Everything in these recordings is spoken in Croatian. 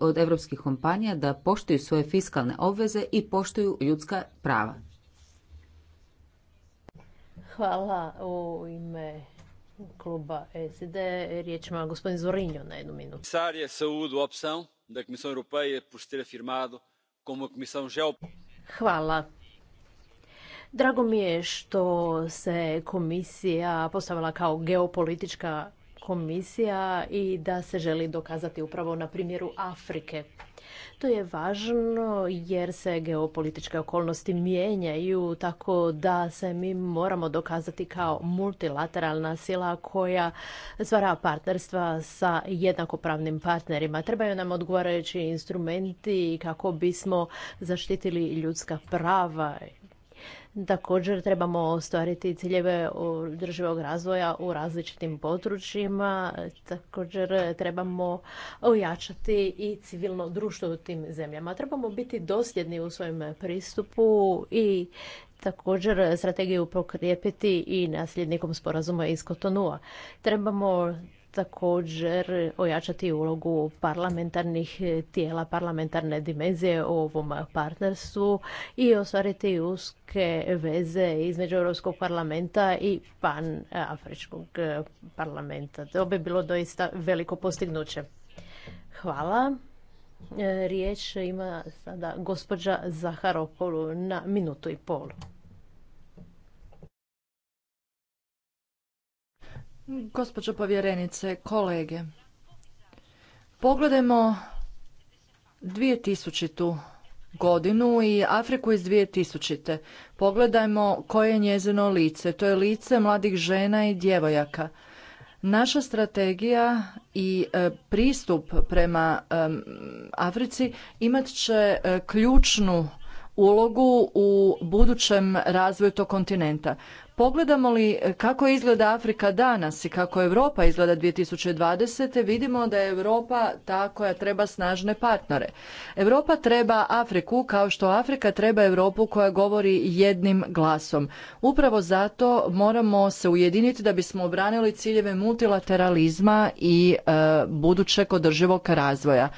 od evropskih kompanija da poštuju svoje fiskalne obveze i poštuju ljudska prava. Hvala u ime kluba SD. Riječ ima gospodin Zorinjo na jednu minutu. Sarje Saud u opção da Komisija Europeja por ter afirmado como Hvala. Drago mi je što se komisija postavila kao geopolitička komisija i da se želi dokazati upravo na primjeru Afrike. To je važno jer se geopolitičke okolnosti mijenjaju tako da se mi moramo dokazati kao multilateralna sila koja stvara partnerstva sa jednakopravnim partnerima. Trebaju nam odgovarajući instrumenti kako bismo zaštitili ljudska prava Također trebamo ostvariti ciljeve održivog razvoja u različitim područjima. Također trebamo ojačati i civilno društvo u tim zemljama. Trebamo biti dosljedni u svojem pristupu i također strategiju pokrijepiti i nasljednikom sporazuma iz Kotonua. Trebamo također ojačati ulogu parlamentarnih tijela, parlamentarne dimenzije u ovom partnerstvu i ostvariti uske veze između Europskog parlamenta i pan-afričkog parlamenta. To bi bilo doista veliko postignuće. Hvala. Riječ ima sada gospođa Zaharopolu na minutu i pol. Gospođo povjerenice, kolege, pogledajmo 2000. godinu i Afriku iz 2000. Pogledajmo koje je njezino lice. To je lice mladih žena i djevojaka. Naša strategija i e, pristup prema Africi imat će e, ključnu ulogu u budućem razvoju tog kontinenta. Pogledamo li e, kako izgleda Afrika danas i kako Europa izgleda 2020. vidimo da je Europa ta koja treba snažne partnere. Europa treba Afriku kao što Afrika treba Europu koja govori jednim glasom. Upravo zato moramo se ujediniti da bismo obranili ciljeve multilateralizma i e, budućeg održivog razvoja.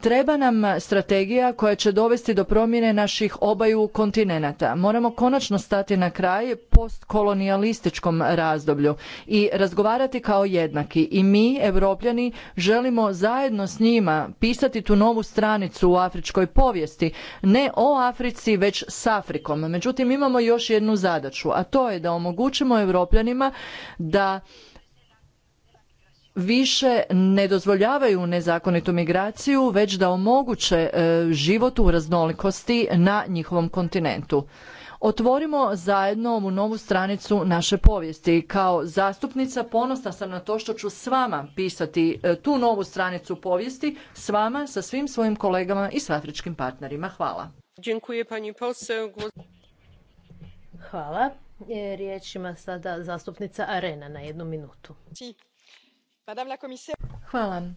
Treba nam strategija koja će dovesti do promjene naših obaju kontinenata. Moramo konačno stati na kraj postkolonijalističkom razdoblju i razgovarati kao jednaki. I mi, Evropljani, želimo zajedno s njima pisati tu novu stranicu u afričkoj povijesti. Ne o Africi, već s Afrikom. Međutim, imamo još jednu zadaću, a to je da omogućimo Evropljanima da više ne dozvoljavaju nezakonitu migraciju, već da omoguće e, život u raznolikosti na njihovom kontinentu. Otvorimo zajedno ovu novu stranicu naše povijesti. Kao zastupnica ponosna sam na to što ću s vama pisati e, tu novu stranicu povijesti, s vama, sa svim svojim kolegama i s afričkim partnerima. Hvala. Hvala. E, riječ ima sada zastupnica Arena na jednu minutu. Hvala.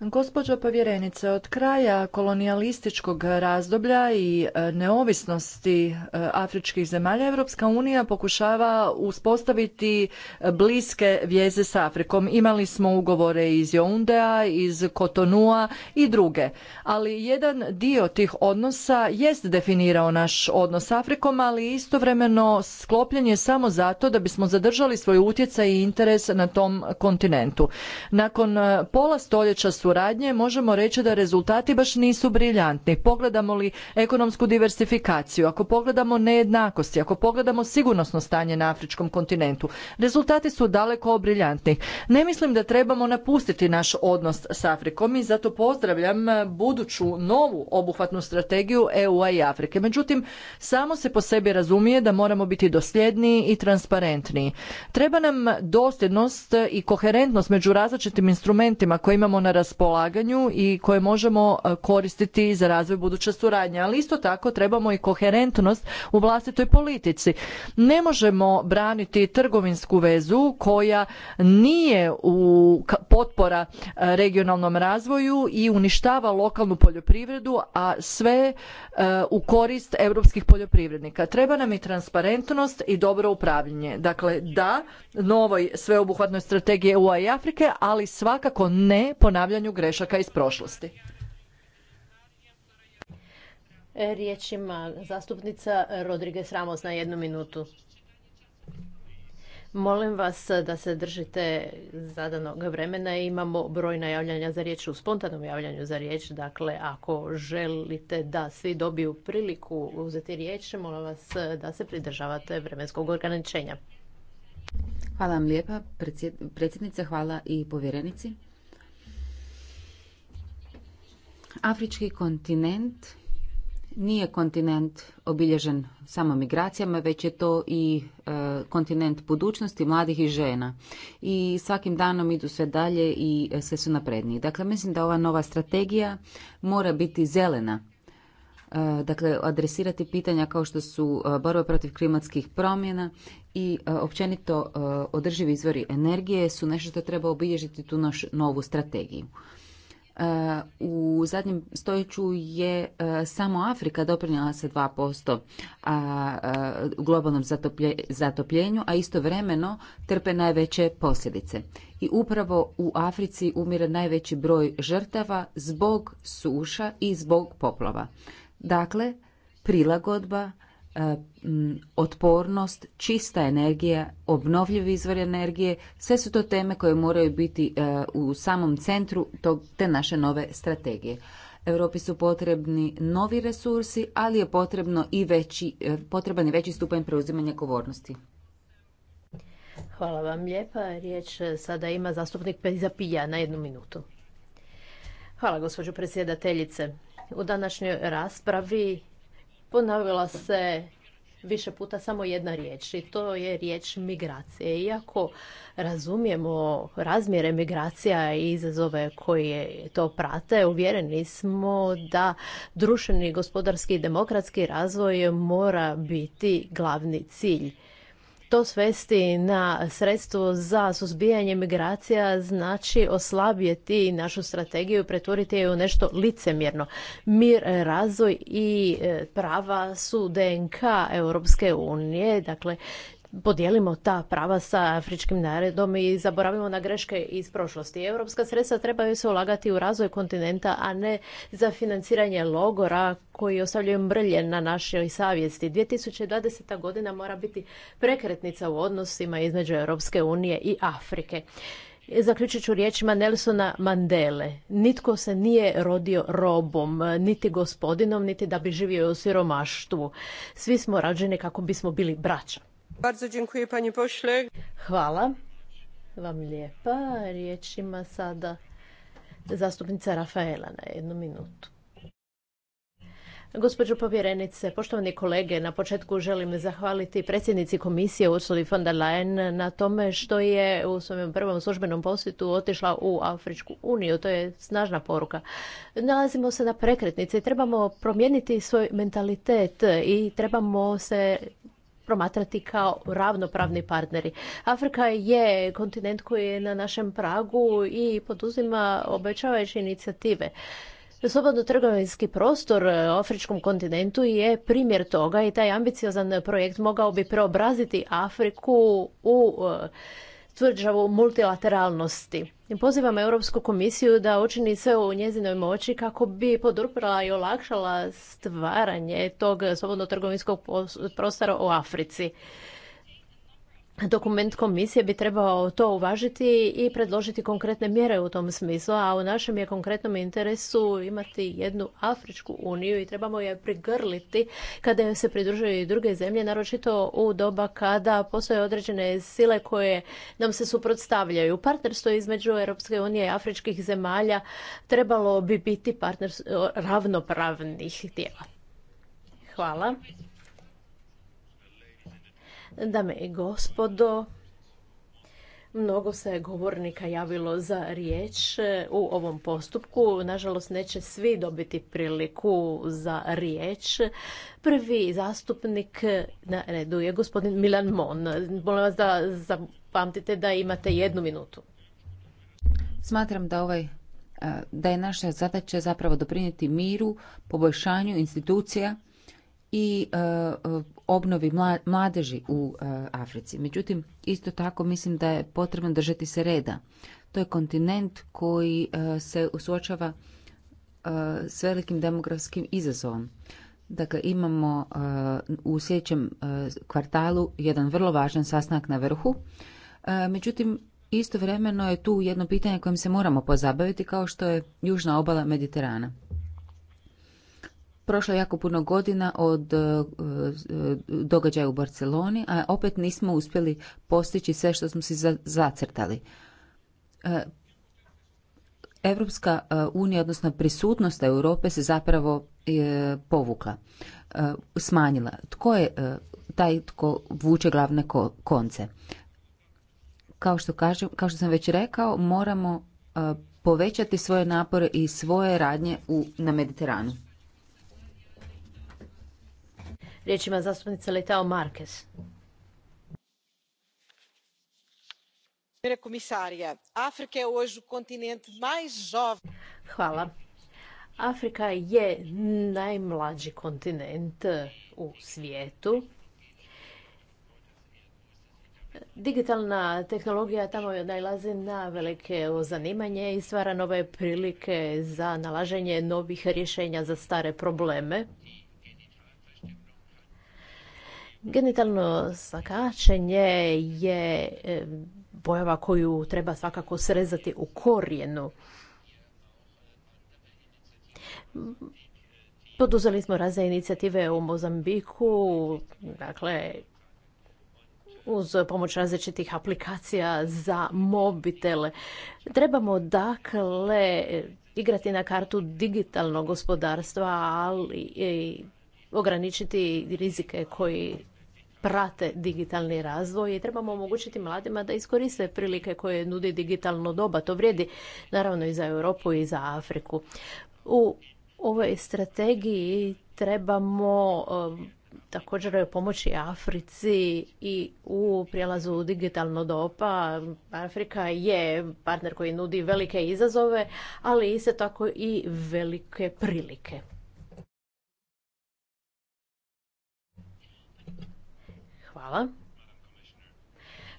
Gospođo povjerenice, od kraja kolonijalističkog razdoblja i e, neovisnosti e, afričkih zemalja Europska unija pokušava uspostaviti e, bliske vjeze s Afrikom. Imali smo ugovore iz Joundea, iz Kotonua i druge. Ali jedan dio tih odnosa jest definirao naš odnos s Afrikom, ali istovremeno sklopljen je samo zato da bismo zadržali svoj utjecaj i interes na tom kontinentu. Nakon pola stoljeća su suradnje možemo reći da rezultati baš nisu briljantni. Pogledamo li ekonomsku diversifikaciju, ako pogledamo nejednakosti, ako pogledamo sigurnosno stanje na afričkom kontinentu, rezultati su daleko briljantni. Ne mislim da trebamo napustiti naš odnos s Afrikom i zato pozdravljam buduću novu obuhvatnu strategiju EU-a i Afrike. Međutim, samo se po sebi razumije da moramo biti dosljedniji i transparentniji. Treba nam dosljednost i koherentnost među različitim instrumentima koje imamo na raspolaganju raspolaganju i koje možemo e, koristiti za razvoj buduće suradnje. Ali isto tako trebamo i koherentnost u vlastitoj politici. Ne možemo braniti trgovinsku vezu koja nije u potpora e, regionalnom razvoju i uništava lokalnu poljoprivredu, a sve e, u korist europskih poljoprivrednika. Treba nam i transparentnost i dobro upravljanje. Dakle, da novoj sveobuhvatnoj strategiji EU i Afrike, ali svakako ne ponavljanju grešaka iz prošlosti. E, Riječima zastupnica Rodriguez Ramos na jednu minutu. Molim vas da se držite zadanog vremena. Imamo brojna javljanja za riječ u spontanom javljanju za riječ. Dakle, ako želite da svi dobiju priliku uzeti riječ, molim vas da se pridržavate vremenskog ograničenja. Hvala vam lijepa, predsjednice. Hvala i povjerenici. Afrički kontinent nije kontinent obilježen samo migracijama, već je to i e, kontinent budućnosti mladih i žena. I svakim danom idu sve dalje i e, sve su napredniji. Dakle, mislim da ova nova strategija mora biti zelena. E, dakle, adresirati pitanja kao što su borba protiv klimatskih promjena i općenito održivi izvori energije su nešto što treba obilježiti tu našu novu strategiju. E, u zadnjem stojeću je e, samo Afrika doprinijela sa 2% a e, globalnom zatopljenju, a istovremeno trpe najveće posljedice. I upravo u Africi umire najveći broj žrtava zbog suša i zbog poplava. Dakle, prilagodba E, otpornost, čista energija, obnovljivi izvori energije, sve su to teme koje moraju biti e, u samom centru tog, te naše nove strategije. Europi su potrebni novi resursi, ali je potrebno i veći, e, potreban je veći stupanj preuzimanja govornosti. Hvala vam lijepa. Riječ sada ima zastupnik pija na jednu minutu. Hvala gospođo predsjedateljice. U današnjoj raspravi Ponavila se više puta samo jedna riječ i to je riječ migracije. Iako razumijemo razmjere migracija i izazove koje to prate, uvjereni smo da društveni, gospodarski i demokratski razvoj mora biti glavni cilj to svesti na sredstvo za suzbijanje migracija znači oslabjeti našu strategiju i pretvoriti je u nešto licemjerno. Mir, razvoj i e, prava su DNK Europske unije, dakle podijelimo ta prava sa afričkim naredom i zaboravimo na greške iz prošlosti. Europska sredstva trebaju se ulagati u razvoj kontinenta, a ne za financiranje logora koji ostavljaju mrlje na našoj savjesti. 2020. godina mora biti prekretnica u odnosima između Europske unije i Afrike. Zaključit ću riječima Nelsona Mandele. Nitko se nije rodio robom, niti gospodinom, niti da bi živio u siromaštvu. Svi smo rađeni kako bismo bili braća. Hvala vam lijepa. Riječ ima sada zastupnica Rafaela na jednu minutu. Gospođo povjerenice, poštovani kolege, na početku želim zahvaliti predsjednici komisije Ursuli von der Leyen na tome što je u svojem prvom službenom posjetu otišla u Afričku uniju. To je snažna poruka. Nalazimo se na prekretnici, trebamo promijeniti svoj mentalitet i trebamo se promatrati kao ravnopravni partneri. Afrika je kontinent koji je na našem pragu i poduzima obećavajuće inicijative. Slobodno trgovinski prostor u afričkom kontinentu je primjer toga i taj ambiciozan projekt mogao bi preobraziti Afriku u tvrđavu multilateralnosti. Pozivam Europsku komisiju da učini sve u njezinoj moći kako bi poduprla i olakšala stvaranje tog slobodno trgovinskog prostora u Africi. Dokument komisije bi trebao to uvažiti i predložiti konkretne mjere u tom smislu, a u našem je konkretnom interesu imati jednu Afričku uniju i trebamo je prigrliti kada joj se pridružuju i druge zemlje, naročito u doba kada postoje određene sile koje nam se suprotstavljaju. Partnerstvo između Europske unije i afričkih zemalja trebalo bi biti partnerstvo ravnopravnih tijela. Hvala. Dame i gospodo, mnogo se govornika javilo za riječ e, u ovom postupku. Nažalost, neće svi dobiti priliku za riječ. Prvi zastupnik na redu je gospodin Milan Mon. Molim vas da zapamtite da imate jednu minutu. Smatram da ovaj e, da je naša zadaća zapravo doprinijeti miru, poboljšanju institucija i e, e, obnovi mladeži u e, Africi. Međutim, isto tako mislim da je potrebno držati se reda. To je kontinent koji se suočava s velikim demografskim izazovom. Dakle, imamo u sljedećem kvartalu jedan vrlo važan sastanak na vrhu. Međutim, istovremeno je tu jedno pitanje kojim se moramo pozabaviti kao što je južna obala Mediterana. Prošlo jako puno godina od e, događaja u Barceloni, a opet nismo uspjeli postići sve što smo si zacrtali. E, Evropska e, unija, odnosno prisutnost Europe se zapravo povukla, smanjila. Tko je taj tko vuče glavne konce? Kao što, kažem, kao što sam već rekao, moramo povećati svoje napore i svoje radnje u, na Mediteranu. Riječ ima zastupnica Letao Marques. Hvala. Afrika je najmlađi kontinent u svijetu. Digitalna tehnologija tamo najlazi na velike zanimanje i stvara nove prilike za nalaženje novih rješenja za stare probleme. Genitalno sakačenje je pojava e, koju treba svakako srezati u korijenu. Poduzeli smo razne inicijative u Mozambiku, dakle, uz pomoć različitih aplikacija za mobitele. Trebamo, dakle, igrati na kartu digitalnog gospodarstva, ali ograničiti rizike koji prate digitalni razvoj i trebamo omogućiti mladima da iskoriste prilike koje nudi digitalno doba. To vrijedi naravno i za Europu i za Afriku. U ovoj strategiji trebamo um, također pomoći Africi i u prijelazu u digitalno doba. Afrika je partner koji nudi velike izazove, ali isto tako i velike prilike. Hvala.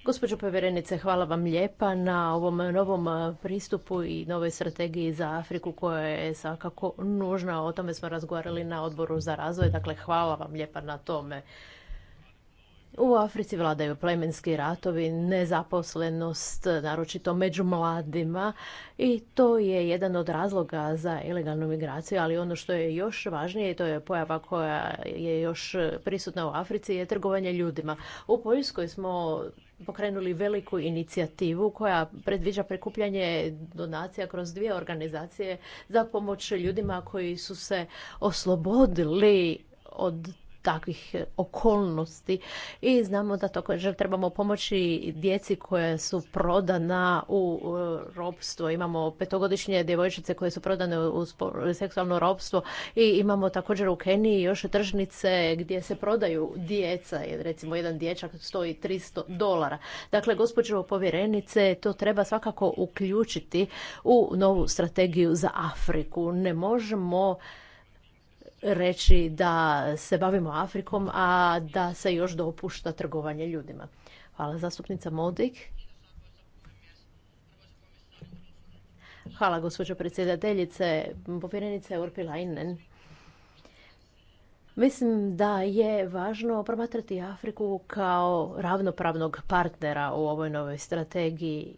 Gospođo povjerenice, hvala vam lijepa na ovom novom e, pristupu i novoj strategiji za Afriku koja je svakako nužna. O tome smo razgovarali na odboru za razvoj, dakle hvala vam lijepa na tome. U Africi vladaju plemenski ratovi, nezaposlenost, naročito među mladima i to je jedan od razloga za ilegalnu migraciju, ali ono što je još važnije i to je pojava koja je još prisutna u Africi je trgovanje ljudima. U Poljskoj smo pokrenuli veliku inicijativu koja predviđa prikupljanje donacija kroz dvije organizacije za pomoć ljudima koji su se oslobodili od takvih e, okolnosti i znamo da također trebamo pomoći djeci koje su prodana u e, robstvo. Imamo petogodišnje djevojčice koje su prodane u seksualno robstvo i imamo također u Keniji još tržnice gdje se prodaju djeca, recimo jedan dječak stoji 300 dolara. Dakle, gospođo povjerenice, to treba svakako uključiti u novu strategiju za Afriku. Ne možemo reći da se bavimo Afrikom, a da se još dopušta trgovanje ljudima. Hvala, zastupnica Modig. Hvala, gospođo predsjedateljice, povjerenice Urpilainen. Mislim da je važno promatrati Afriku kao ravnopravnog partnera u ovoj novoj strategiji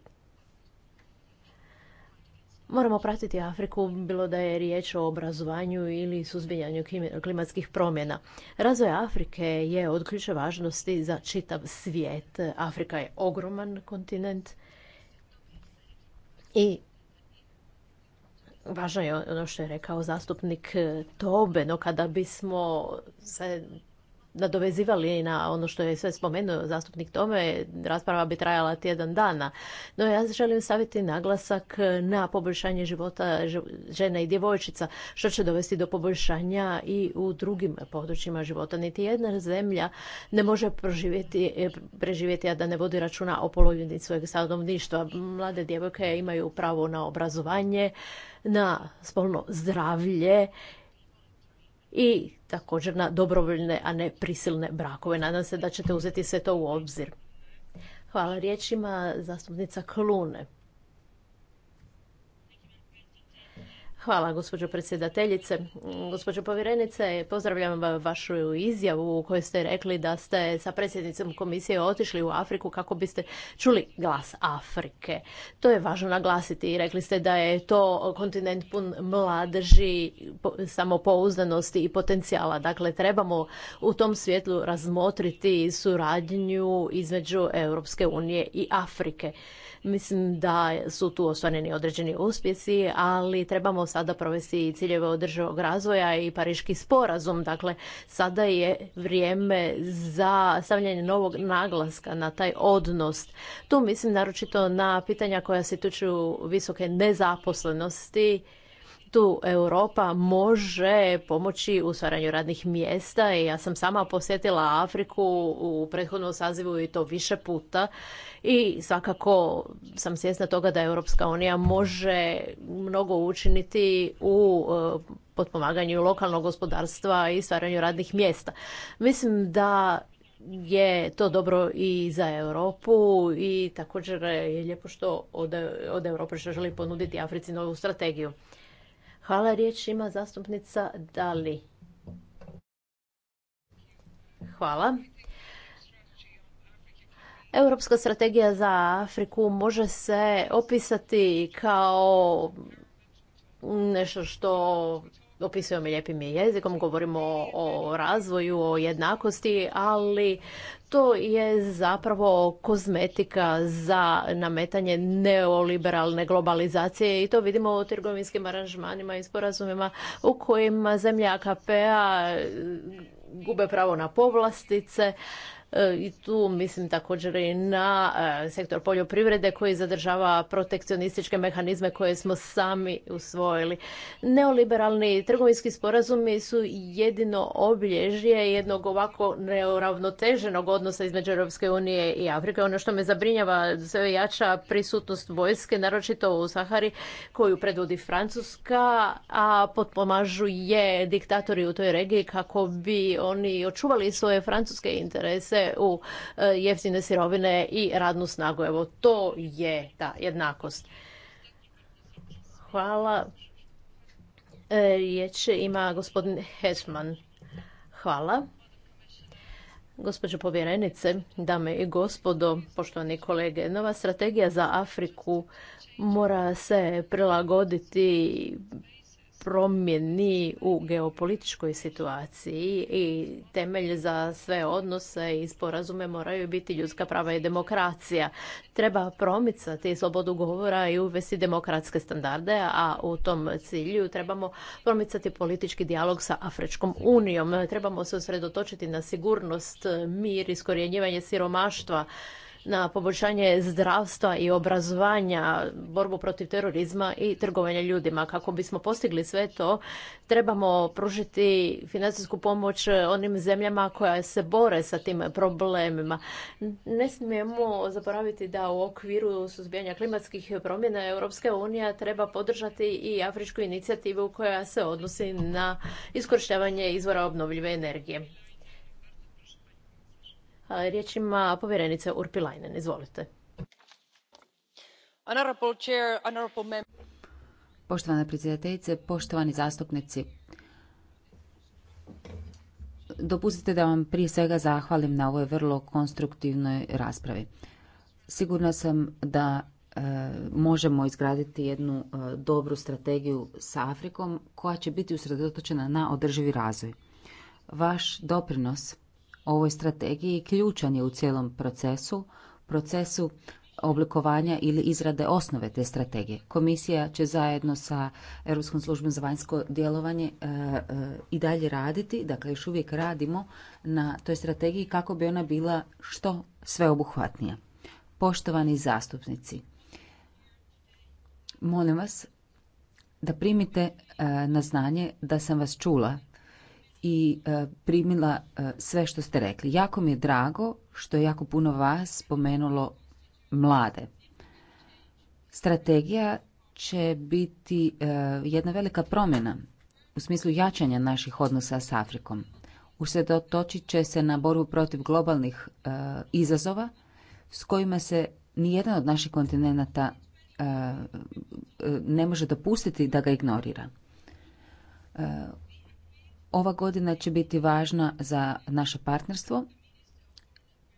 Moramo pratiti Afriku, bilo da je riječ o obrazovanju ili suzbijanju klimatskih promjena. Razvoj Afrike je od ključe važnosti za čitav svijet. Afrika je ogroman kontinent i važno je ono što je rekao zastupnik Tobe, no kada bismo se nadovezivali na ono što je sve spomenuo zastupnik Tome, rasprava bi trajala tjedan dana. No ja želim staviti naglasak na poboljšanje života žena i djevojčica, što će dovesti do poboljšanja i u drugim područjima života. Niti jedna zemlja ne može preživjeti, a da ne vodi računa o polovini svojeg stanovništva. Mlade djevojke imaju pravo na obrazovanje, na spolno zdravlje i također na dobrovoljne, a ne prisilne brakove. Nadam se da ćete uzeti sve to u obzir. Hvala riječima zastupnica Klune. Hvala, gospođo predsjedateljice. Mm, gospođo povjerenice, pozdravljam vašu izjavu u kojoj ste rekli da ste sa predsjednicom komisije otišli u Afriku kako biste čuli glas Afrike. To je važno naglasiti i rekli ste da je to kontinent pun mladeži, samopouzdanosti i potencijala. Dakle, trebamo u tom svjetlu razmotriti suradnju između Europske unije i Afrike. Mislim da su tu ostvareni određeni uspjesi, ali trebamo sada provesti ciljeve održivog razvoja i pariški sporazum. Dakle, sada je vrijeme za stavljanje novog naglaska na taj odnos. Tu mislim naročito na pitanja koja se tiču visoke nezaposlenosti tu Europa može pomoći u stvaranju radnih mjesta i ja sam sama posjetila Afriku u prethodnom sazivu i to više puta i svakako sam svjesna toga da Europska unija može mnogo učiniti u e, potpomaganju lokalnog gospodarstva i stvaranju radnih mjesta. Mislim da je to dobro i za Europu i također je lijepo što od, od Europe što želi ponuditi Africi novu strategiju. Hvala, riječ ima zastupnica Dali. Hvala. Europska strategija za Afriku može se opisati kao nešto što opisujemo lijepim jezikom, govorimo o razvoju, o jednakosti, ali to je zapravo kozmetika za nametanje neoliberalne globalizacije i to vidimo u trgovinskim aranžmanima i sporazumima u kojima zemlja AKP-a gube pravo na povlastice E, i tu mislim također i na e, sektor poljoprivrede koji zadržava protekcionističke mehanizme koje smo sami usvojili. Neoliberalni trgovinski sporazumi su jedino obilježje jednog ovako neuravnoteženog odnosa između Europske unije i Afrike. Ono što me zabrinjava sve jača prisutnost vojske, naročito u Sahari, koju predvodi Francuska, a potpomažu je diktatori u toj regiji kako bi oni očuvali svoje francuske interese u e, jeftine sirovine i radnu snagu. Evo, to je ta jednakost. Hvala. E, riječ ima gospodin Hetman. Hvala. Gospođo povjerenice, dame i gospodo, poštovani kolege, nova strategija za Afriku mora se prilagoditi promjeni u geopolitičkoj situaciji i temelj za sve odnose i sporazume moraju biti ljudska prava i demokracija. Treba promicati slobodu govora i uvesti demokratske standarde, a u tom cilju trebamo promicati politički dijalog sa Afričkom unijom. Trebamo se usredotočiti na sigurnost, mir, iskorjenjivanje siromaštva, na poboljšanje zdravstva i obrazovanja, borbu protiv terorizma i trgovanja ljudima. Kako bismo postigli sve to, trebamo pružiti financijsku pomoć onim zemljama koja se bore sa tim problemima. Ne smijemo zaboraviti da u okviru suzbijanja klimatskih promjena Europska unija treba podržati i afričku inicijativu koja se odnosi na iskorištavanje izvora obnovljive energije ima povjerenice Urpilainen. Izvolite. Poštovana predsjedateljice, poštovani zastupnici, dopustite da vam prije svega zahvalim na ovoj vrlo konstruktivnoj raspravi. Sigurna sam da e, možemo izgraditi jednu e, dobru strategiju sa Afrikom koja će biti usredotočena na održivi razvoj. Vaš doprinos ovoj strategiji ključan je u cijelom procesu, procesu oblikovanja ili izrade osnove te strategije. Komisija će zajedno sa Europskom službom za vanjsko djelovanje e, e, i dalje raditi, dakle još uvijek radimo na toj strategiji kako bi ona bila što sveobuhvatnija. Poštovani zastupnici, molim vas da primite e, na znanje da sam vas čula i e, primila e, sve što ste rekli. Jako mi je drago što je jako puno vas spomenulo mlade. Strategija će biti e, jedna velika promjena u smislu jačanja naših odnosa s Afrikom. Usredotočit će se na borbu protiv globalnih izazova s kojima se nijedan od naših kontinenata ne može dopustiti da ga ignorira ova godina će biti važna za naše partnerstvo.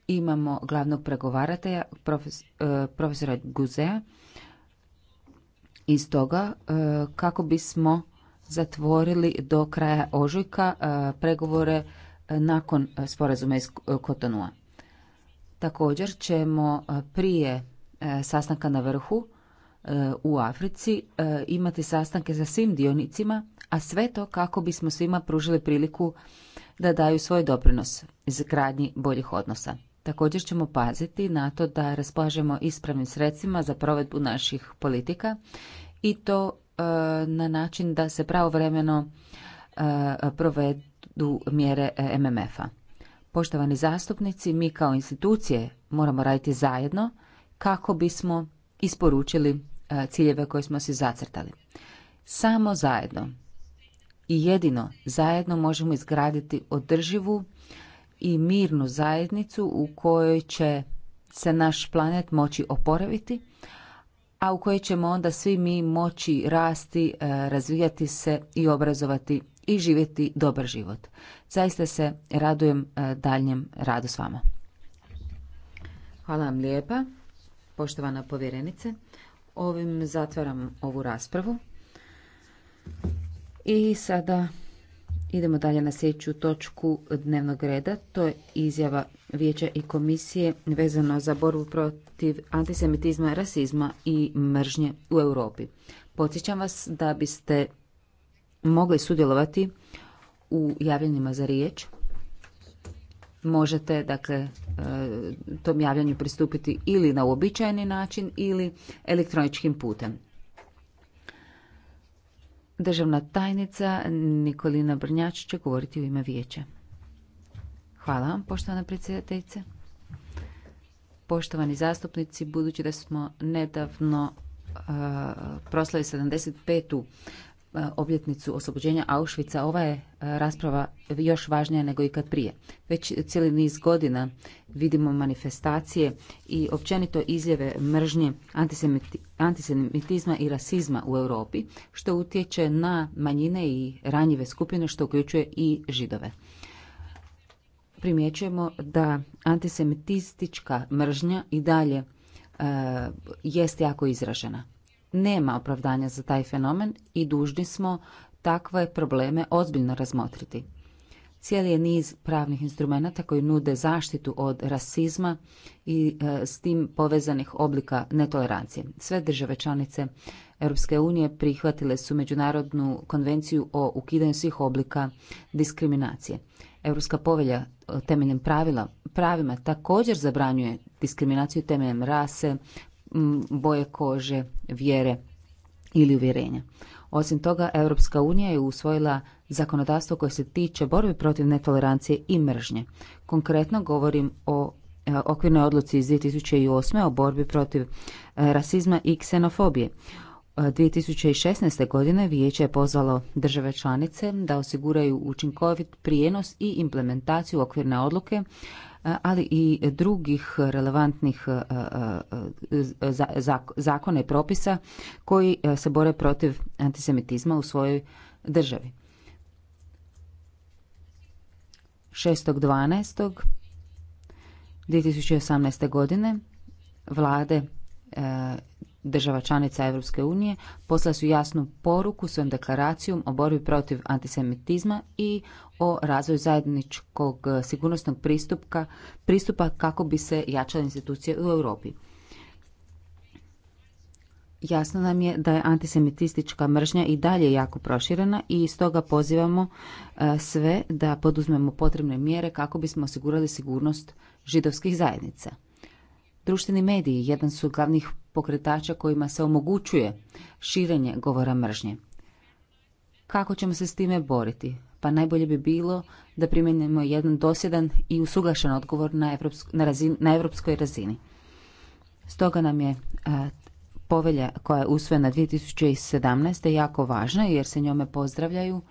Imamo glavnog pregovaratelja, e, profesora Guzea, iz toga e, kako bismo zatvorili do kraja ožujka e, pregovore nakon sporazuma iz Kotonua. Također ćemo prije sastanka na vrhu u Africi, e, imati sastanke sa svim dionicima, a sve to kako bismo svima pružili priliku da daju svoj doprinos izgradnji boljih odnosa. Također ćemo paziti na to da raspolažemo ispravnim sredstvima za provedbu naših politika i to e, na način da se pravovremeno e, provedu mjere MMF-a. Poštovani zastupnici, mi kao institucije moramo raditi zajedno kako bismo isporučili E, ciljeve koje smo si zacrtali. Samo zajedno i jedino zajedno možemo izgraditi održivu i mirnu zajednicu u kojoj će se naš planet moći oporaviti, a u kojoj ćemo onda svi mi moći rasti, e, razvijati se i obrazovati i živjeti dobar život. Zaista se radujem e, daljnjem radu s vama. Hvala vam lijepa, poštovana povjerenice. Ovim zatvaram ovu raspravu. I sada idemo dalje na sljedeću točku dnevnog reda. To je izjava Vijeća i komisije vezano za borbu protiv antisemitizma, rasizma i mržnje u Europi. Podsjećam vas da biste mogli sudjelovati u javljanjima za riječ možete dakle e, tom javljanju pristupiti ili na uobičajeni način ili elektroničkim putem. Državna tajnica Nikolina Brnjač će govoriti u ime vijeća. Hvala vam, poštovana predsjedateljice. Poštovani zastupnici, budući da smo nedavno e, proslavili 75. E, obljetnicu oslobođenja Auschwitza, ova je e, rasprava još važnija nego ikad prije. Već cijeli niz godina vidimo manifestacije i općenito izljeve mržnje antisemitizma i rasizma u Europi, što utječe na manjine i ranjive skupine, što uključuje i židove. Primjećujemo da antisemitistička mržnja i dalje e, jest jako izražena nema opravdanja za taj fenomen i dužni smo takve probleme ozbiljno razmotriti. Cijeli je niz pravnih instrumenata koji nude zaštitu od rasizma i e, s tim povezanih oblika netolerancije. Sve države članice Europske unije prihvatile su Međunarodnu konvenciju o ukidanju svih oblika diskriminacije. Europska povelja e, temeljem pravila, pravima također zabranjuje diskriminaciju temeljem rase, boje kože, vjere ili uvjerenja. Osim toga, Europska unija je usvojila zakonodavstvo koje se tiče borbe protiv netolerancije i mržnje. Konkretno govorim o e, okvirnoj odluci iz 2008. o borbi protiv e, rasizma i ksenofobije. 2016. godine vijeće je pozvalo države članice da osiguraju učinkovit prijenos i implementaciju okvirne odluke, ali i drugih relevantnih zakona i propisa koji se bore protiv antisemitizma u svojoj državi. 6.12. 2018. godine vlade država članica Europske unije posla su jasnu poruku svojom deklaracijom o borbi protiv antisemitizma i o razvoju zajedničkog e, sigurnosnog pristupka, pristupa kako bi se jačale institucije u Europi. Jasno nam je da je antisemitistička mržnja i dalje jako proširena i stoga pozivamo e, sve da poduzmemo potrebne mjere kako bismo osigurali sigurnost židovskih zajednica. Društveni mediji jedan su glavnih pokretača kojima se omogućuje širenje govora mržnje. Kako ćemo se s time boriti? Pa najbolje bi bilo da primijenimo jedan dosjedan i usuglašen odgovor na, evropsko, na, evropskoj razini. Stoga nam je povelja koja je usvojena 2017. jako važna jer se njome pozdravljaju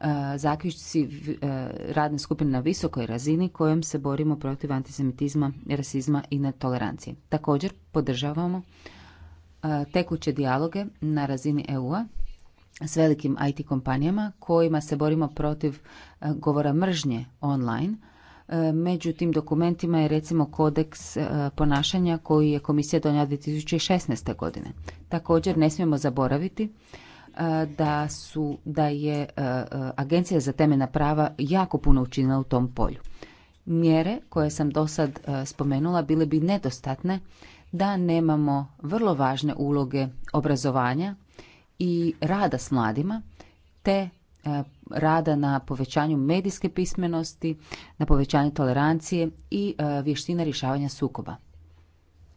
E, zaključci e, radne skupine na visokoj razini kojom se borimo protiv antisemitizma, rasizma i netolerancije. Također podržavamo e, tekuće dijaloge na razini EU-a s velikim IT kompanijama kojima se borimo protiv govora mržnje online. Među tim dokumentima je recimo kodeks ponašanja koji je komisija donijela 2016. godine. Također ne smijemo zaboraviti E, da, su, da je e, e, Agencija za temeljna prava jako puno učinila u tom polju. Mjere koje sam do sad spomenula bile bi nedostatne da nemamo vrlo važne uloge obrazovanja i rada s mladima, te rada na povećanju medijske pismenosti, na povećanju tolerancije i vještina rješavanja sukoba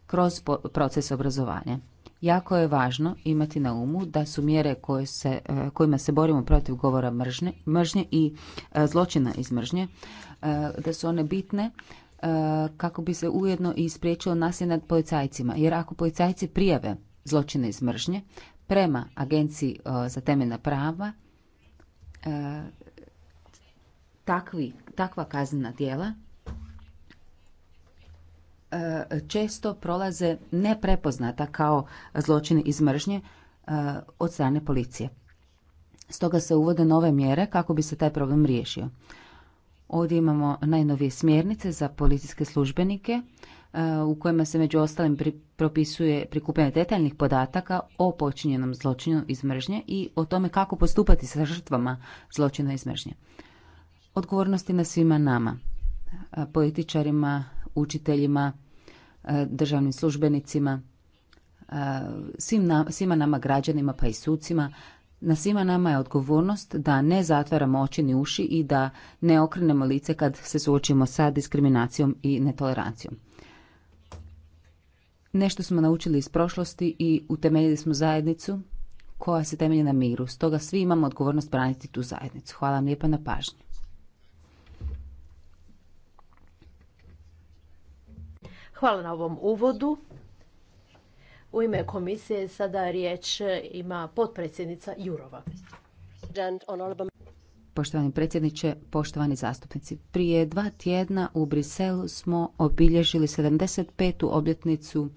kroz proces obrazovanja. Jako je važno imati na umu da su mjere koje se, e, kojima se borimo protiv govora mržnje, mržnje i e, zločina iz mržnje, e, da su one bitne kako bi se ujedno i spriječilo nasilje nad policajcima. Jer ako policajci prijave zločine iz mržnje prema Agenciji za temeljna prava, takvi, takva kaznena djela E, često prolaze neprepoznata kao zločini iz mržnje e, od strane policije. Stoga se uvode nove mjere kako bi se taj problem riješio. Ovdje imamo najnovije smjernice za policijske službenike e, u kojima se među ostalim propisuje prikupljanje detaljnih podataka o počinjenom zločinu iz mržnje i o tome kako postupati sa žrtvama zločina iz mržnje. Odgovornosti na svima nama, političarima, učiteljima, E, državnim službenicima, e, svima nama građanima pa i sucima. Na svima nama je odgovornost da ne zatvaramo oči ni uši i da ne okrenemo lice kad se suočimo sa diskriminacijom i netolerancijom. Nešto smo naučili iz prošlosti i utemeljili smo zajednicu koja se temelji na miru. Stoga svi imamo odgovornost braniti tu zajednicu. Hvala vam lijepa na pažnji. Hvala na ovom uvodu. U ime komisije sada riječ ima potpredsjednica Jurova. Poštovani predsjedniče, poštovani zastupnici. Prije dva tjedna u Briselu smo obilježili 75. obljetnicu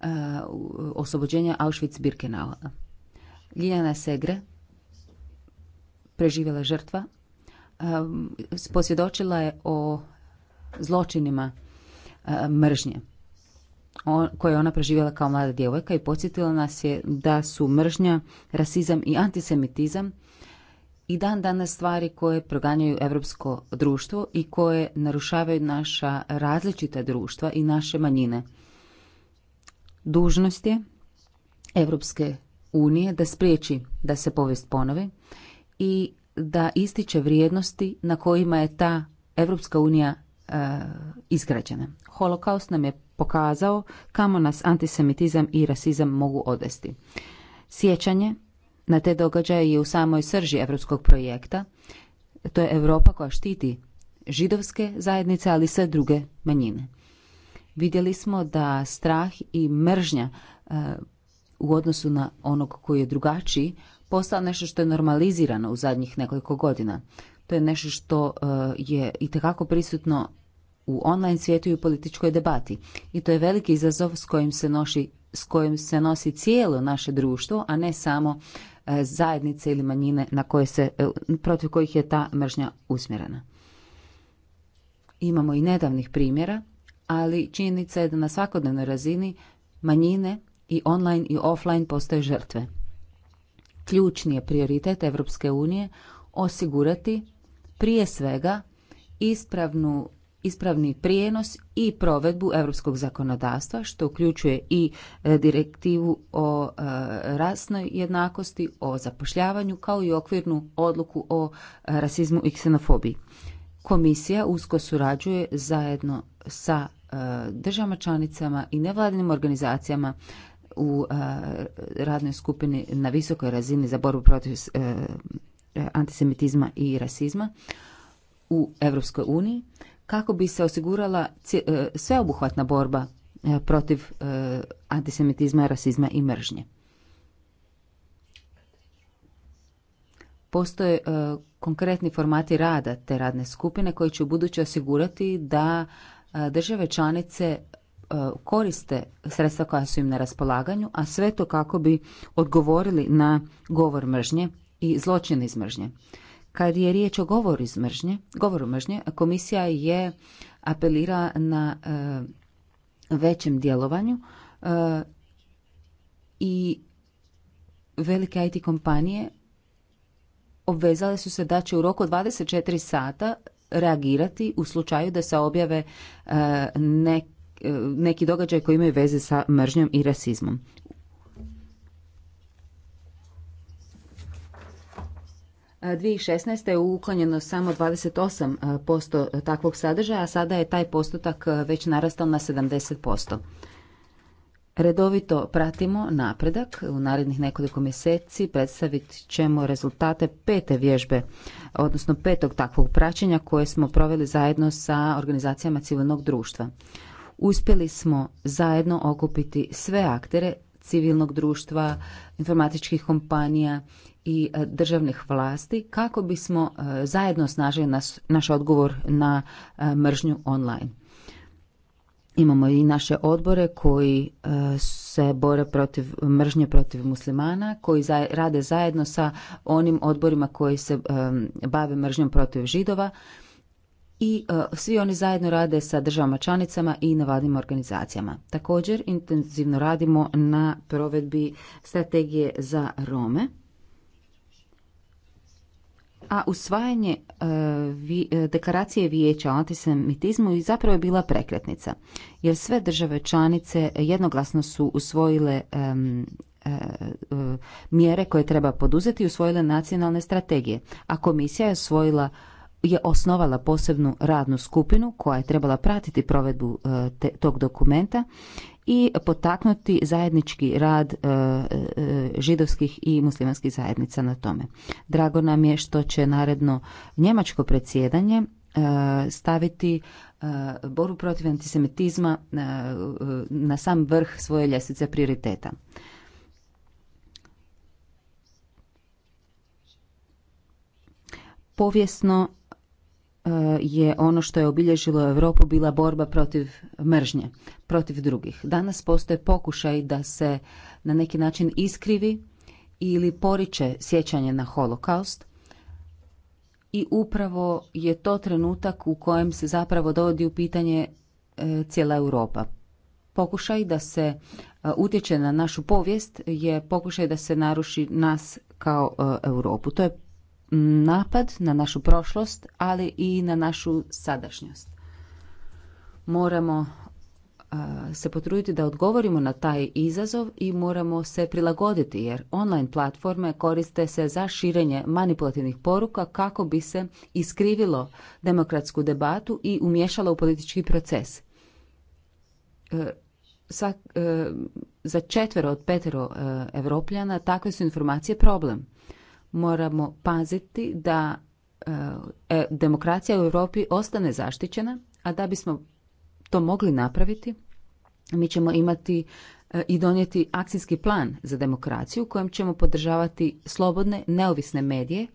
osobođenja oslobođenja auschwitz birkenau Ljiljana Segre, preživjela žrtva, e, posvjedočila je o zločinima E, mržnje koje je ona preživjela kao mlada djevojka i podsjetila nas je da su mržnja, rasizam i antisemitizam i dan danas stvari koje proganjaju europsko društvo i koje narušavaju naša različita društva i naše manjine. Dužnost je Europske unije da spriječi da se povijest ponovi i da ističe vrijednosti na kojima je ta Europska unija E, izgrađene. Holokaust nam je pokazao kamo nas antisemitizam i rasizam mogu odvesti. Sjećanje na te događaje je u samoj srži europskog projekta. To je Europa koja štiti židovske zajednice, ali sve druge manjine. Vidjeli smo da strah i mržnja e, u odnosu na onog koji je drugačiji postao nešto što je normalizirano u zadnjih nekoliko godina. To je nešto što e, je i prisutno u online svijetu i u političkoj debati. I to je veliki izazov s kojim se, noši, s kojim se nosi cijelo naše društvo, a ne samo e, zajednice ili manjine na koje se, e, protiv kojih je ta mržnja usmjerena. Imamo i nedavnih primjera, ali činjenica je da na svakodnevnoj razini manjine i online i offline postoje žrtve. Ključni je prioritet Europske unije osigurati prije svega ispravnu ispravni prijenos i provedbu europskog zakonodavstva što uključuje i e, direktivu o e, rasnoj jednakosti, o zapošljavanju kao i okvirnu odluku o e, rasizmu i ksenofobiji. Komisija usko surađuje zajedno sa državama članicama i nevladinim organizacijama u radnoj skupini na visokoj razini za borbu protiv antisemitizma i rasizma u Europskoj uniji kako bi se osigurala e, sveobuhvatna borba e, protiv e, antisemitizma, rasizma i mržnje. Postoje konkretni formati rada te radne skupine koji će u budući osigurati da države članice koriste sredstva koja su im na raspolaganju, a sve to kako bi odgovorili na govor mržnje i zločin iz mržnje. Kad je riječ o govoru iz mržnje, govoru mržnje, komisija je apelira na e, većem djelovanju e, i velike IT kompanije obvezale su se da će u roku 24 sata reagirati u slučaju da se objave e, neki događaj koji imaju veze sa mržnjom i rasizmom. 2016. je uklonjeno samo 28% takvog sadržaja, a sada je taj postotak e, već narastao na 70%. Redovito pratimo napredak. U narednih nekoliko mjeseci predstavit ćemo rezultate pete vježbe, odnosno petog takvog praćenja koje smo proveli zajedno sa organizacijama civilnog društva. Uspjeli smo zajedno okupiti sve aktere civilnog društva, informatičkih kompanija i e, državnih vlasti kako bismo e, zajedno snažili naš odgovor na e, mržnju online. Imamo i naše odbore koji se bore protiv mržnje protiv muslimana, koji rade zajedno sa onim odborima koji se bave mržnjom protiv židova i svi oni zajedno rade sa državama članicama i nevladnim organizacijama. Također intenzivno radimo na provedbi strategije za Rome a usvajanje e, e, deklaracije vijeća o antisemitizmu i zapravo je bila prekretnica jer sve države članice jednoglasno su usvojile e, mjere koje treba poduzeti i usvojile nacionalne strategije a komisija je usvojila je osnovala posebnu radnu skupinu koja je trebala pratiti provedbu tog dokumenta i potaknuti zajednički rad e, e, židovskih i muslimanskih zajednica na tome. Drago nam je što će naredno njemačko predsjedanje e, staviti boru protiv antisemitizma na sam vrh svoje ljestvice prioriteta. Povijesno Eh, je ono što je obilježilo Europu bila borba protiv mržnje, protiv drugih. Danas postoje pokušaj da se na neki način iskrivi ili poriče sjećanje na holokaust i upravo je to trenutak u kojem se zapravo dovodi u pitanje eh, cijela Europa. Pokušaj da se eh, utječe na našu povijest je pokušaj da se naruši nas kao Europu. To je napad na našu prošlost, ali i na našu sadašnjost. Moramo uh, se potruditi da odgovorimo na taj izazov i moramo se prilagoditi jer online platforme koriste se za širenje manipulativnih poruka kako bi se iskrivilo demokratsku debatu i umješalo u politički proces. Uh, uh, za četvero od petero evropljana takve su informacije problem moramo paziti da e, e, demokracija u Europi ostane zaštićena, a da bismo to mogli napraviti, mi ćemo imati e, i donijeti akcijski plan za demokraciju u kojem ćemo podržavati slobodne, neovisne medije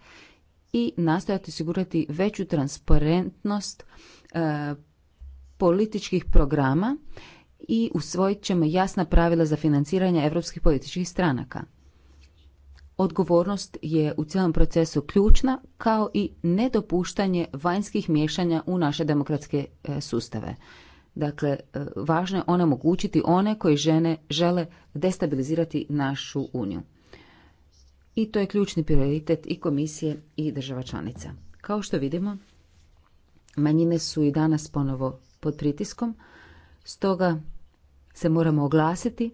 i nastojati osigurati veću transparentnost političkih programa i usvojit ćemo jasna pravila za financiranje europskih političkih stranaka. Odgovornost je u cijelom procesu ključna kao i nedopuštanje vanjskih miješanja u naše demokratske e, sustave. Dakle, e, važno je onemogućiti one koji žene žele destabilizirati našu uniju. I to je ključni prioritet i komisije i država članica. Kao što vidimo, manjine su i danas ponovo pod pritiskom, stoga se moramo oglasiti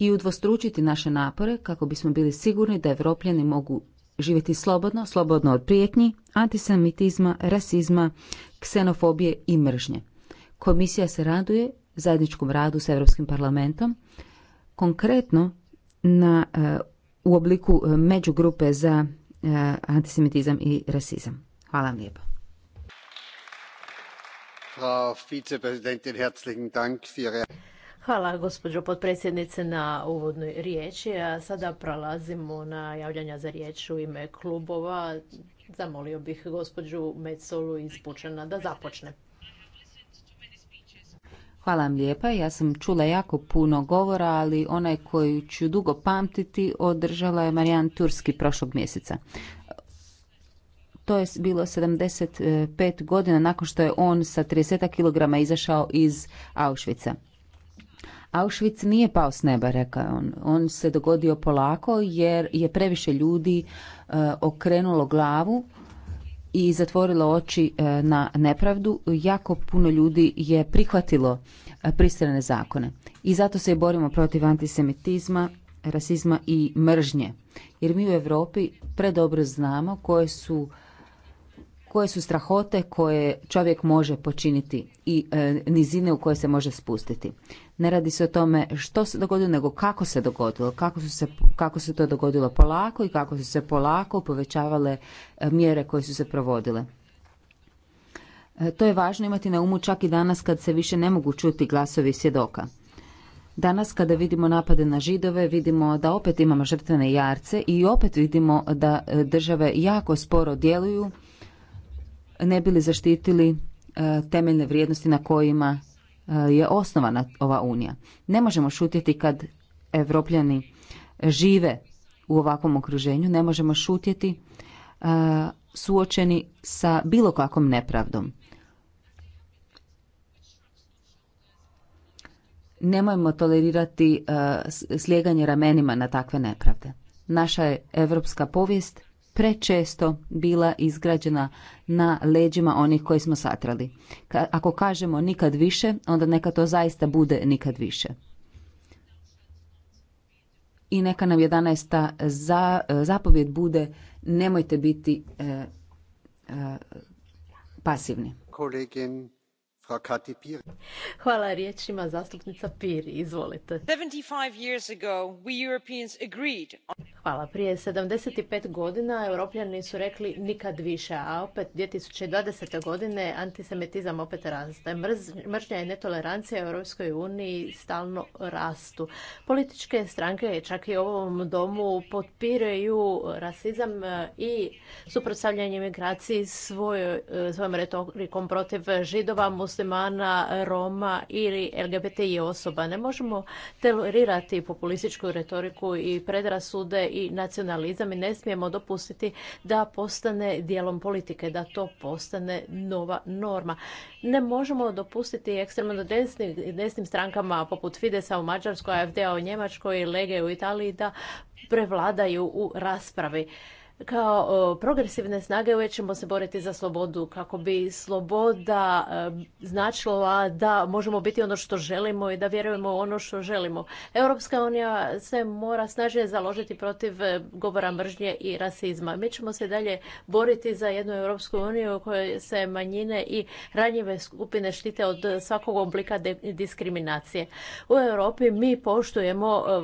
i udvostručiti naše napore kako bismo bili sigurni da Evropljani mogu živjeti slobodno, slobodno od prijetnji, antisemitizma, rasizma, ksenofobije i mržnje. Komisija se raduje zajedničkom radu s Europskim parlamentom, konkretno na, e, u obliku e, međugrupe za e, antisemitizam i rasizam. Hvala vam lijepo. Hvala gospođo potpredsjednice na uvodnoj riječi, a sada prolazimo na javljanja za riječ u ime klubova. Zamolio bih gospođu Metsolu iz Pučana da započne. Hvala vam lijepa. Ja sam čula jako puno govora, ali onaj koju ću dugo pamtiti održala je Marijan Turski prošlog mjeseca. To je bilo 75 godina nakon što je on sa 30 kg izašao iz Auschwitza. Auschwitz nije pao s neba, rekao je on. On se dogodio polako jer je previše ljudi e, okrenulo glavu i zatvorilo oči e, na nepravdu. Jako puno ljudi je prihvatilo e, pristrane zakone. I zato se i borimo protiv antisemitizma, rasizma i mržnje. Jer mi u Europi predobro znamo koje su koje su strahote koje čovjek može počiniti i e, nizine u koje se može spustiti. Ne radi se o tome što se dogodilo, nego kako se dogodilo, kako, su se, kako se to dogodilo polako i kako su se polako povećavale e, mjere koje su se provodile. E, to je važno imati na umu čak i danas kad se više ne mogu čuti glasovi svjedoka. Danas kada vidimo napade na židove, vidimo da opet imamo žrtvene jarce i opet vidimo da države jako sporo djeluju ne bili zaštitili e, temeljne vrijednosti na kojima e, je osnovana ova unija. Ne možemo šutjeti kad evropljani žive u ovakvom okruženju, ne možemo šutjeti e, suočeni sa bilo kakvom nepravdom. Nemojmo tolerirati slijeganje ramenima na takve nepravde. Naša je evropska povijest prečesto bila izgrađena na leđima onih koji smo satrali. Ako kažemo nikad više, onda neka to zaista bude nikad više. I neka nam 11. Za, eh, zapovjed bude nemojte biti eh, eh, pasivni. Kolegin. Hvala riječima zastupnica Piri, izvolite. 75 Hvala. Prije 75 godina europljani su rekli nikad više, a opet 2020. godine antisemitizam opet raste. Mržnja i netolerancija u Europskoj uniji stalno rastu. Političke stranke, čak i u ovom domu, potpiraju rasizam e, i suprotstavljanje migraciji svoj, e, svojom retorikom protiv židova, muslimana, roma ili LGBTI osoba. Ne možemo tolerirati populističku retoriku i predrasude i nacionalizam i ne smijemo dopustiti da postane dijelom politike, da to postane nova norma. Ne možemo dopustiti ekstremno desnim, strankama poput Fidesa u Mađarskoj, AFD-a u Njemačkoj i Lege u Italiji da prevladaju u raspravi. Kao progresivne snage uvijek ćemo se boriti za slobodu kako bi sloboda e, značila da možemo biti ono što želimo i da vjerujemo u ono što želimo. Europska unija se mora snažnije založiti protiv e, govora mržnje i rasizma. Mi ćemo se dalje boriti za jednu Europsku uniju u kojoj se manjine i ranjive skupine štite od svakog oblika diskriminacije. U Europi mi poštujemo e,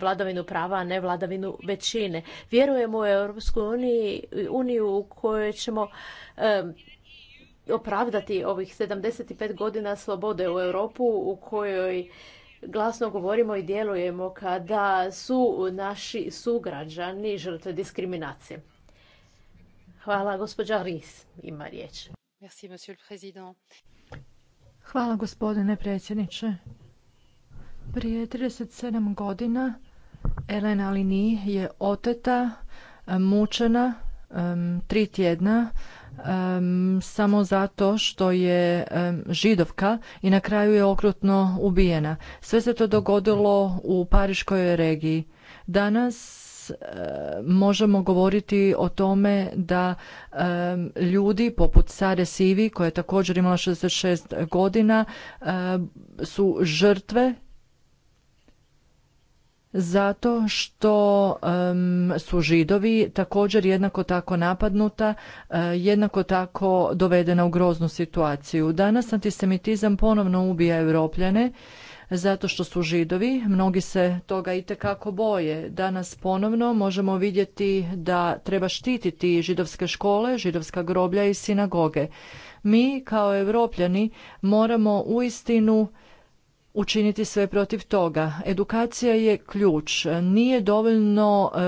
vladavinu prava, a ne vladavinu većine. Vjerujemo u Europsku uniji uniju u kojoj ćemo opravdati ovih 75 godina slobode u Europu u kojoj glasno govorimo i djelujemo kada su naši sugrađani žrtve diskriminacije. Hvala, gospođa Ris ima riječ. Merci, monsieur le président. Hvala, gospodine predsjedniče. Prije 37 godina Elena Lini je oteta mučena tri tjedna samo zato što je židovka i na kraju je okrutno ubijena. Sve se to dogodilo u Pariškoj regiji. Danas možemo govoriti o tome da ljudi poput Sare Sivi, koja je također imala 66 godina, su žrtve zato što su židovi također jednako tako napadnuta, e, jednako tako dovedena u groznu situaciju. Danas antisemitizam ponovno ubija Europljane zato što su židovi, mnogi se toga i kako boje. Danas ponovno možemo vidjeti da treba štititi židovske škole, židovska groblja i sinagoge. Mi kao europljani moramo uistinu učiniti sve protiv toga. Edukacija je ključ. Nije dovoljno e,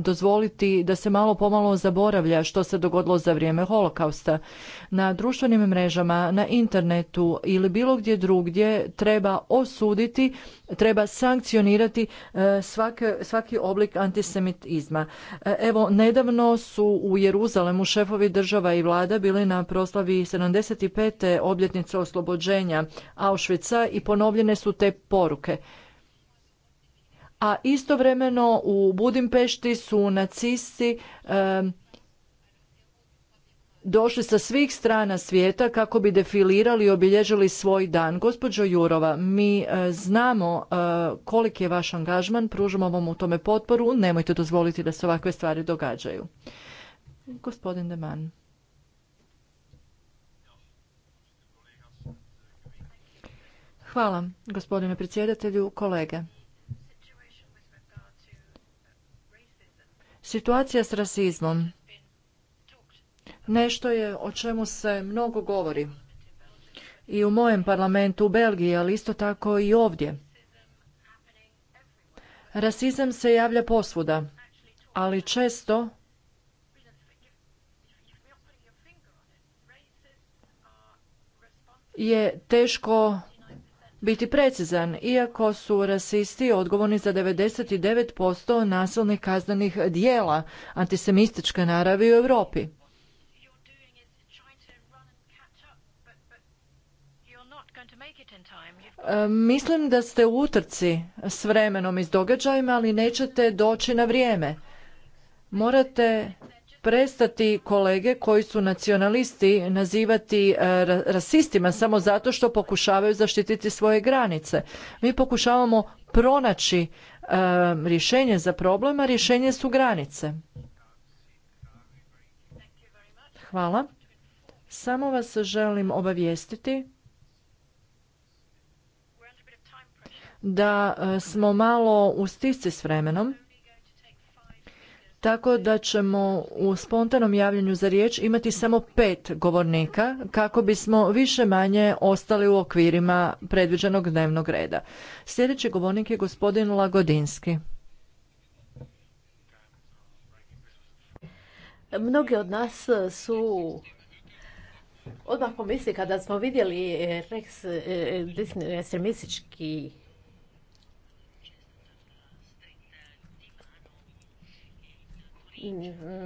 dozvoliti da se malo pomalo zaboravlja što se dogodilo za vrijeme holokausta. Na društvenim mrežama, na internetu ili bilo gdje drugdje treba osuditi, treba sankcionirati e, svaki oblik antisemitizma. E, evo, nedavno su u Jeruzalemu šefovi država i vlada bili na proslavi 75. obljetnice oslobođenja Auschwitza i ponovljen su te poruke. A istovremeno u Budimpešti su nacisti došli sa svih strana svijeta kako bi defilirali i obilježili svoj dan. Gospođo Jurova, mi e, znamo e, koliki je vaš angažman, pružamo vam u tome potporu, nemojte dozvoliti da se ovakve stvari događaju. Gospodin Deman. Hvala, gospodine predsjedatelju, kolege. Situacija s rasizmom nešto je o čemu se mnogo govori i u mojem parlamentu u Belgiji, ali isto tako i ovdje. Rasizam se javlja posvuda, ali često je teško biti precizan, iako su rasisti odgovorni za 99% nasilnih kaznenih dijela antisemističke naravi u Europi. E, mislim da ste u utrci s vremenom i s događajima, ali nećete doći na vrijeme. Morate prestati kolege koji su nacionalisti nazivati e, rasistima samo zato što pokušavaju zaštititi svoje granice. Mi pokušavamo pronaći e, rješenje za problem, a rješenje su granice. Hvala. Samo vas želim obavijestiti da e, smo malo u stisci s vremenom tako da ćemo u spontanom javljanju za riječ imati samo pet govornika kako bismo više manje ostali u okvirima predviđenog dnevnog reda. Sljedeći govornik je gospodin Lagodinski. Mnogi od nas su odmah pomisli kada smo vidjeli Rex, e, e, e,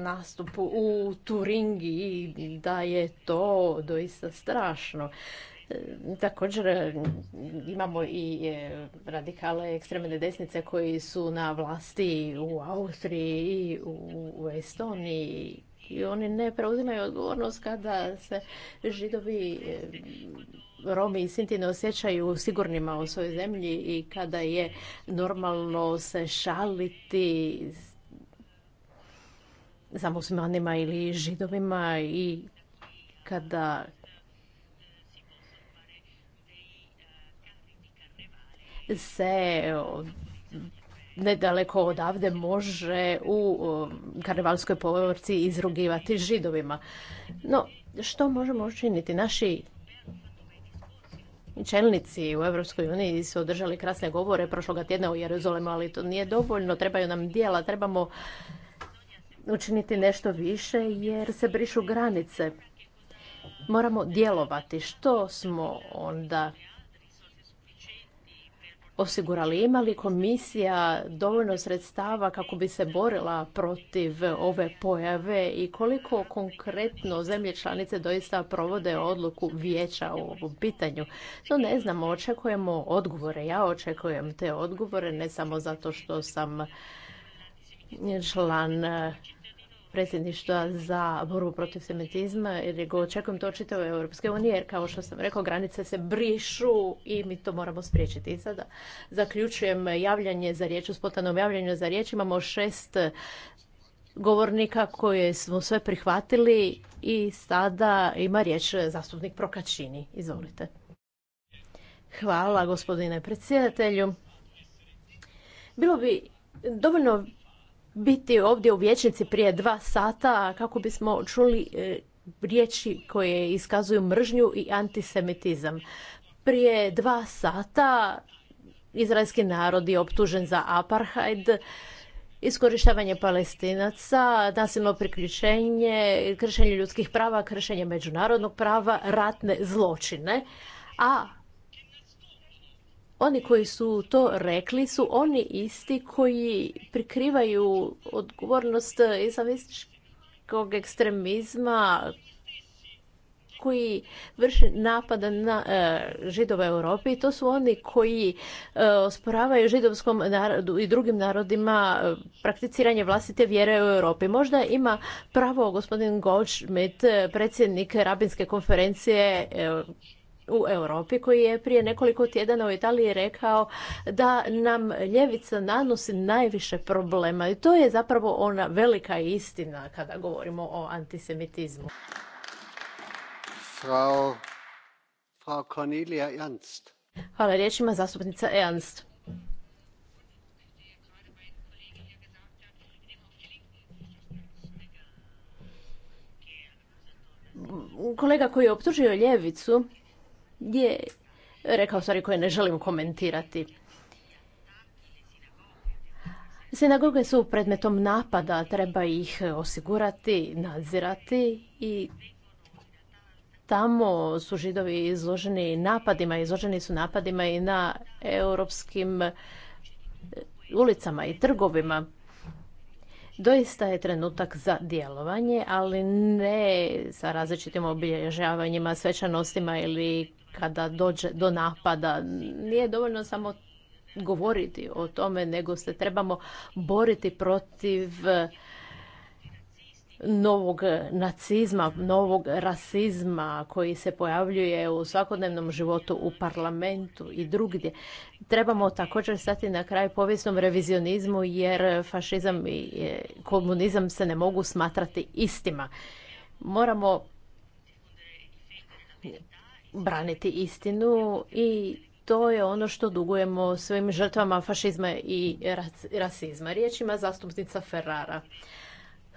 nastupu u Turingi da je to doista strašno. E, također imamo i e, radikale ekstremne desnice koji su na vlasti u Austriji i u Estoniji i oni ne preuzimaju odgovornost kada se židovi e, Romi i Sinti ne osjećaju sigurnima u svojoj zemlji i kada je normalno se šaliti za muslimanima ili židovima i kada se nedaleko odavde može u karnevalskoj povorci izrugivati židovima. No, što možemo učiniti? Naši čelnici u Europskoj uniji su održali krasne govore prošloga tjedna u Jeruzalemu, ali to nije dovoljno. Trebaju nam dijela, trebamo učiniti nešto više jer se brišu granice. Moramo djelovati. Što smo onda osigurali? Ima li komisija dovoljno sredstava kako bi se borila protiv ove pojave i koliko konkretno zemlje članice doista provode odluku vijeća u ovom pitanju? To ne znamo, očekujemo odgovore. Ja očekujem te odgovore ne samo zato što sam član e, predsjedništva za borbu protiv semitizma jer ga očekujem to u Europske unije jer kao što sam rekao granice se brišu i mi to moramo spriječiti. I sada zaključujem javljanje za riječ, u spotanom javljanju za riječ imamo šest govornika koje smo sve prihvatili i sada ima riječ zastupnik Prokačini. Izvolite. Hvala gospodine predsjedatelju. Bilo bi dovoljno biti ovdje u vječnici prije dva sata kako bismo čuli e, riječi koje iskazuju mržnju i antisemitizam. Prije dva sata izraelski narod je optužen za apartheid, iskorištavanje palestinaca, nasilno priključenje, kršenje ljudskih prava, kršenje međunarodnog prava, ratne zločine, a oni koji su to rekli su oni isti koji prikrivaju odgovornost islamističkog ekstremizma koji vrši napada na e, židove u Europi i to su oni koji e, osporavaju židovskom narodu i drugim narodima e, prakticiranje vlastite vjere u Europi. Možda ima pravo gospodin Goldschmidt, predsjednik Rabinske konferencije u Europi koji je prije nekoliko tjedana u Italiji rekao da nam ljevica nanosi najviše problema i to je zapravo ona velika istina kada govorimo o antisemitizmu. Hvala riječima zastupnica Ernst. Kolega koji je optužio ljevicu je rekao stvari koje ne želim komentirati. Sinagoge su predmetom napada, treba ih osigurati, nadzirati i tamo su židovi izloženi napadima, izloženi su napadima i na europskim eh, ulicama i trgovima. Doista je trenutak za djelovanje, ali ne sa različitim obilježavanjima, svečanostima ili kada dođe do napada. Nije dovoljno samo govoriti o tome, nego se trebamo boriti protiv e, novog nacizma, novog rasizma koji se pojavljuje u svakodnevnom životu u parlamentu i drugdje. Trebamo također stati na kraj povijesnom revizionizmu jer fašizam i e, komunizam se ne mogu smatrati istima. Moramo braniti istinu i to je ono što dugujemo svim žrtvama fašizma i rasizma. Riječima zastupnica Ferrara.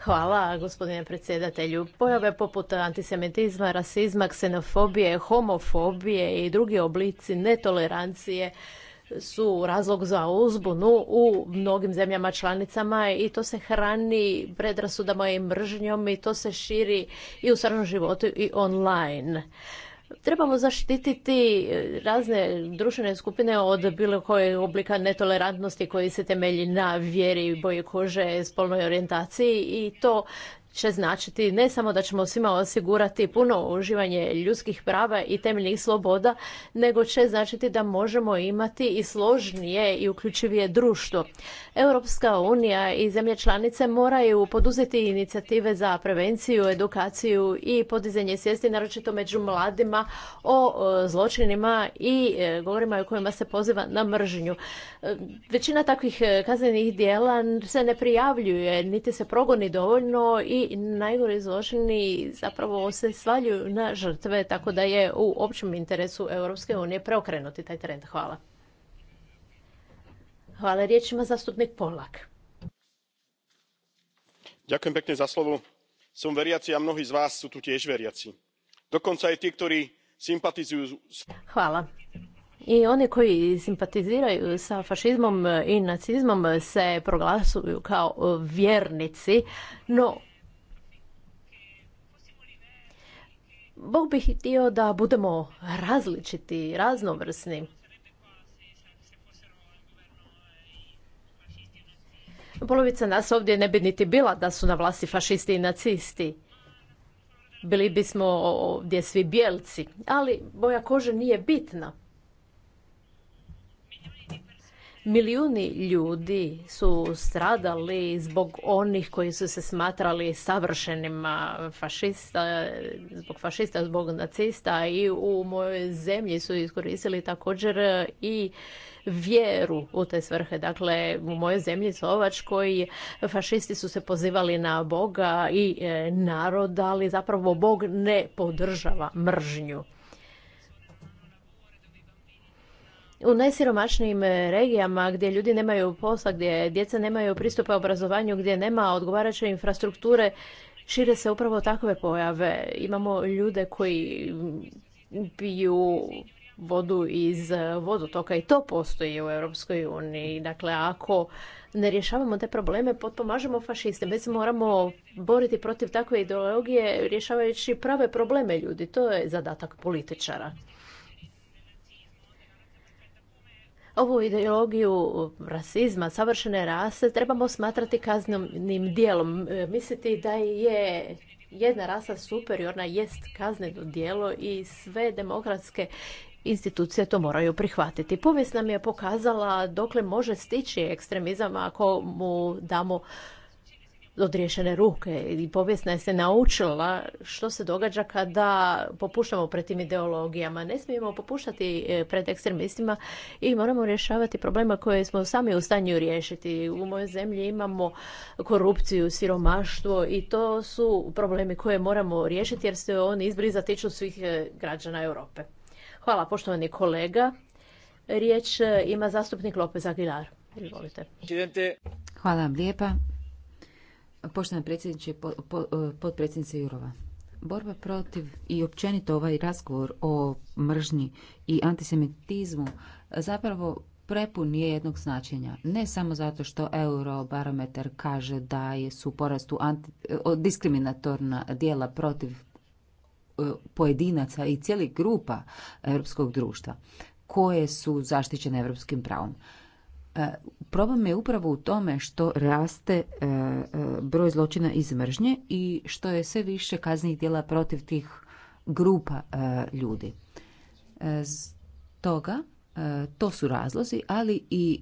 Hvala, gospodine predsjedatelju. Pojave poput antisemitizma, rasizma, ksenofobije, homofobije i drugi oblici netolerancije su razlog za uzbunu u mnogim zemljama članicama i to se hrani predrasudama i mržnjom i to se širi i u stvarnom životu i online. Trebamo zaštititi e, razne društvene skupine od bilo koje oblika netolerantnosti koji se temelji na vjeri, boji kože, spolnoj orijentaciji i to će značiti ne samo da ćemo svima osigurati puno uživanje ljudskih prava i temeljnih sloboda, nego će značiti da možemo imati i složnije i uključivije društvo. Europska unija i zemlje članice moraju poduzeti inicijative za prevenciju, edukaciju i podizanje svijesti, naročito među mladima, o zločinima i e, govorima u kojima se poziva na mržnju. E, većina takvih e, kaznenih dijela se ne prijavljuje, niti se progoni dovoljno i i najgori zločini zapravo se svaljuju na žrtve, tako da je u općem interesu Europske unije preokrenuti taj trend. Hvala. Hvala riječima zastupnik Polak. Ďakujem pekne za slovo. Som veriaci a mnohí z vás sú tu tiež veriaci. Dokonca aj tí, ktorí sympatizujú... Hvala. I oni koji simpatiziraju sa fašizmom i nacizmom se proglasuju kao vjernici, no Bog bi htio da budemo različiti, raznovrsni. Polovica nas ovdje ne bi niti bila da su na vlasti fašisti i nacisti. Bili bismo ovdje svi bijelci, ali boja kože nije bitna. Milijuni ljudi su stradali zbog onih koji su se smatrali savršenima fašista, zbog fašista, zbog nacista i u mojoj zemlji su iskoristili također i vjeru u te svrhe. Dakle, u mojoj zemlji Slovačkoj fašisti su se pozivali na Boga i e, narod, ali zapravo Bog ne podržava mržnju. u najsiromašnijim e, regijama gdje ljudi nemaju posla, gdje djeca nemaju pristupa obrazovanju, gdje nema odgovarajuće infrastrukture, šire se upravo takve pojave. Imamo ljude koji piju vodu iz e, vodotoka i to postoji u Europskoj uniji. Dakle, ako ne rješavamo te probleme, potpomažemo fašiste. Mi se moramo boriti protiv takve ideologije rješavajući prave probleme ljudi. To je zadatak političara. Ovu ideologiju rasizma, savršene rase, trebamo smatrati kaznenim dijelom. E, misliti da je jedna rasa superiorna jest kazneno dijelo i sve demokratske institucije to moraju prihvatiti. Povijest nam je pokazala dokle može stići ekstremizam ako mu damo odriješene ruke i povijesna je se naučila što se događa kada popuštamo pred tim ideologijama. Ne smijemo popuštati e, pred ekstremistima i moramo rješavati problema koje smo sami u stanju riješiti. U mojoj zemlji imamo korupciju, siromaštvo i to su problemi koje moramo riješiti jer se oni izbriza tiču svih e, građana Europe. Hvala poštovani kolega. Riječ e, ima zastupnik Lopez Aguilar. Izvolite. Hvala vam lijepa. Poštovani predsjedniče, e, potpredsjednice Jurova. Borba protiv i općenito ovaj razgovor o mržnji i antisemitizmu zapravo prepun je jednog značenja. Ne samo zato što Eurobarometar kaže da su porastu e, diskriminatorna djela protiv e, pojedinaca i cijelih grupa europskog društva koje su zaštićene europskim pravom. Problem je upravo u tome što raste e, e, broj zločina iz mržnje i što je sve više kaznih djela protiv tih grupa e, ljudi. Stoga to su razlozi, ali i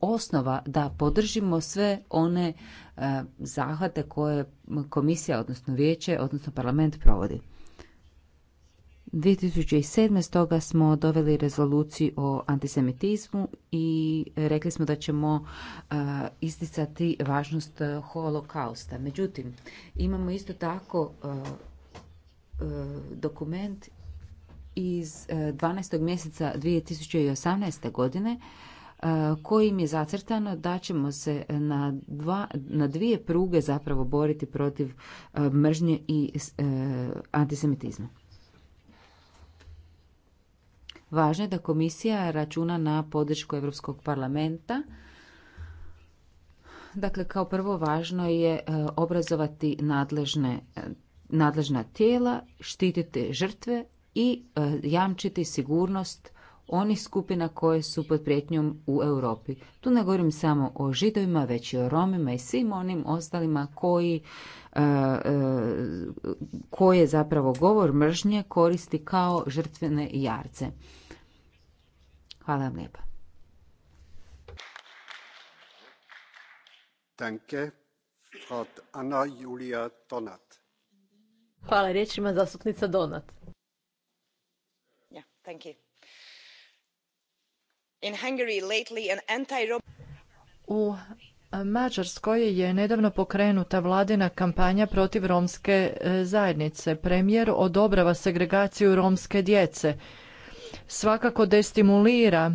osnova da podržimo sve one zahvate koje komisija, odnosno vijeće, odnosno parlament provodi. 2007. stoga smo doveli rezoluciju o antisemitizmu i rekli smo da ćemo e, isticati važnost e, holokausta. Međutim, imamo isto tako e, dokument iz 12. mjeseca 2018. godine kojim je zacrtano da ćemo se na, dva, na dvije pruge zapravo boriti protiv mržnje i antisemitizma. Važno je da komisija računa na podršku Europskog parlamenta. Dakle, kao prvo važno je e, obrazovati nadležne, e, nadležna tijela, štititi žrtve i e, jamčiti sigurnost onih skupina koje su pod prijetnjom u Europi. Tu ne govorim samo o židovima, već i o romima i svim onim ostalima koji e, e, koje zapravo govor mržnje koristi kao žrtvene jarce. Hvala vam lijepa. Hvala, riječ ima zastupnica Donat. U Mađarskoj je nedavno pokrenuta vladina kampanja protiv romske e, zajednice. Premijer odobrava segregaciju romske djece. Svakako destimulira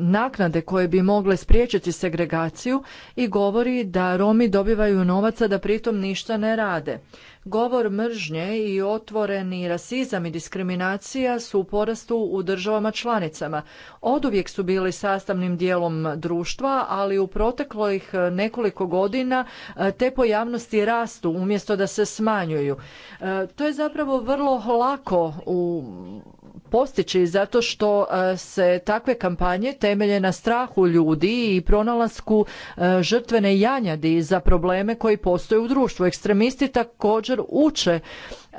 naknade koje bi mogle spriječiti segregaciju i govori da Romi dobivaju novaca da pritom ništa ne rade. Govor mržnje i otvoreni rasizam i diskriminacija su u porastu u državama članicama. Oduvijek su bili sastavnim dijelom društva, ali u proteklih nekoliko godina e, te pojavnosti rastu umjesto da se smanjuju. E, to je zapravo vrlo lako u postići zato što e, se takve kampanje temelje na strahu ljudi i pronalasku e, žrtvene janjadi za probleme koji postoje u društvu. Ekstremisti također uče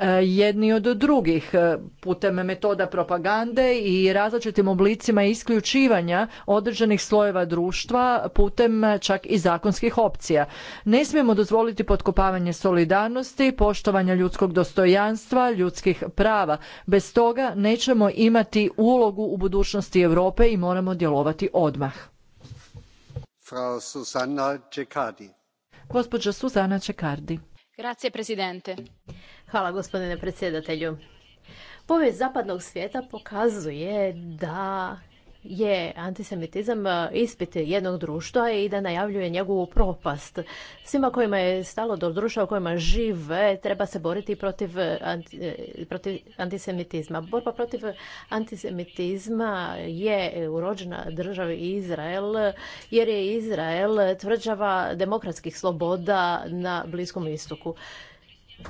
E, jedni od drugih e, putem metoda propagande i različitim oblicima isključivanja određenih slojeva društva putem e, čak i zakonskih opcija. Ne smijemo dozvoliti potkopavanje solidarnosti, poštovanja ljudskog dostojanstva, ljudskih prava. Bez toga nećemo imati ulogu u budućnosti Europe i moramo djelovati odmah. Čekardi. Hvala gospodine predsjedatelju. Povijest zapadnog svijeta pokazuje da je antisemitizam e, ispit jednog društva i da najavljuje njegovu propast. Svima kojima je stalo do društva u kojima žive treba se boriti protiv, e, e, protiv antisemitizma. Borba protiv antisemitizma je urođena državi Izrael jer je Izrael tvrđava demokratskih sloboda na Bliskom istoku